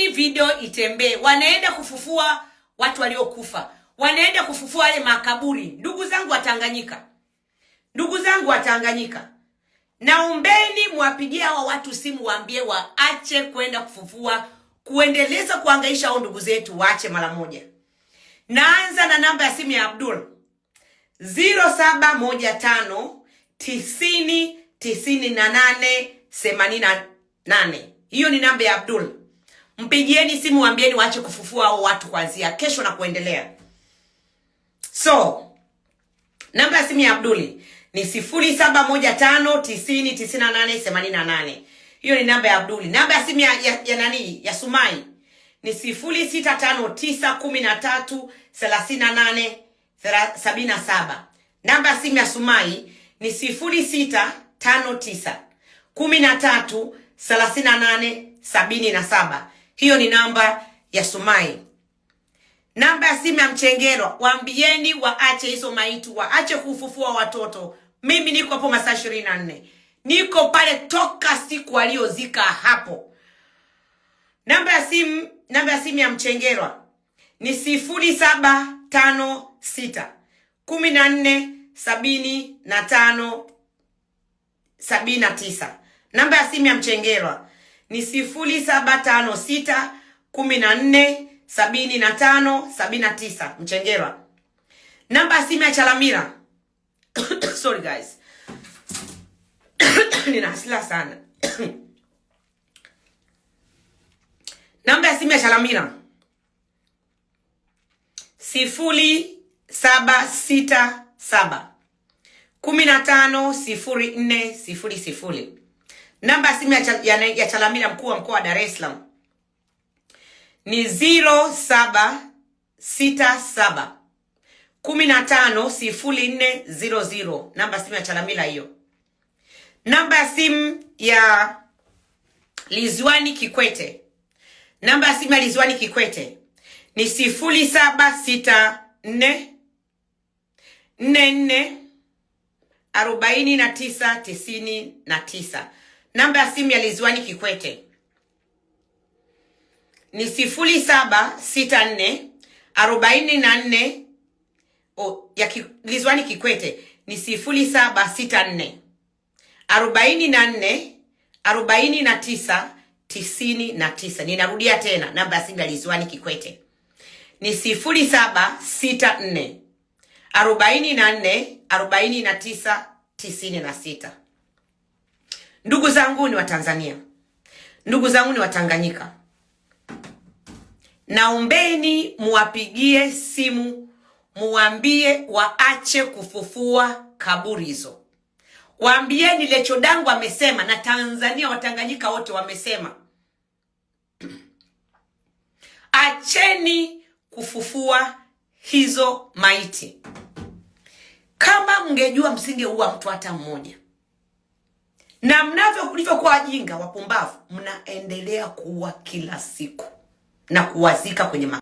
Leteni video itembee. Wanaenda kufufua watu waliokufa, wanaenda kufufua wale makaburi. Ndugu zangu watanganyika ndugu zangu watanganyika Tanganyika, naombeni mwapigie hawa watu simu, waambie waache kwenda kufufua, kuendeleza kuangaisha hao ndugu zetu, waache mara moja. Naanza na namba ya simu ya Abdul 0715 90 98 nane. Hiyo ni namba ya Abdul mpigieni simu wambieni waache kufufua hao watu kwanzia kesho na kuendelea. So namba ya simu ya Abduli ni sifuri saba moja tano tisini tisini na nane themanini na nane. Hiyo ni namba ya Abduli. Namba ya simu ya, ya, ya nani ya Sumai ni sifuri sita tano tisa kumi na tatu thelathini na nane sabini na saba. Namba ya simu ya Sumai ni sifuri sita tano tisa kumi na tatu thelathini na nane sabini na saba. Hiyo ni namba ya Sumai. Namba ya simu ya Mchengerwa, waambieni waache hizo maiti, waache kufufua watoto. Mimi niko hapo masaa ishirini na nne, niko pale toka siku aliyozika hapo. Namba ya simu, namba ya simu ya Mchengerwa ni sifuri saba tano sita kumi na nne sabini na tano sabini na tisa. Namba ya simu ya Mchengerwa ni sifuri saba tano sita kumi na nne sabini na tano sabini na tisa Mchengerwa. Namba ya simu ya Chalamila sorry guys nina hasila sana namba ya simu ya Chalamila sifuri saba sita saba kumi na tano sifuri nne sifuri sifuri Namba ya simu ya Chalamila, mkuu wa mkoa wa Dar es Salaam ni 0767 150400. Namba ya simu ya Chalamila hiyo. Namba ya simu ya Lizwani Kikwete, namba ya simu ya Liziwani Kikwete ni 0764 44 49 99 namba ya simu ya liziwani Kikwete ni sifuri saba sita nne arobaini na nne oh, ya Ridhiwani Kikwete ni sifuri saba sita nne arobaini na nne arobaini na tisa tisini na tisa. Ninarudia tena namba ya simu ya liziwani Kikwete ni sifuri saba sita nne arobaini na nne arobaini na tisa tisini na sita. Ndugu zangu ni Watanzania, ndugu zangu ni Watanganyika, naombeni muwapigie simu muwambie waache kufufua kaburi hizo. Waambieni Lecho Dangu amesema na Tanzania Watanganyika wote wamesema, acheni kufufua hizo maiti. Kama mngejua msingeua mtu hata mmoja na mnavyo livyokuwa wajinga wapumbavu, mnaendelea kuwa kila siku na kuwazika kwenye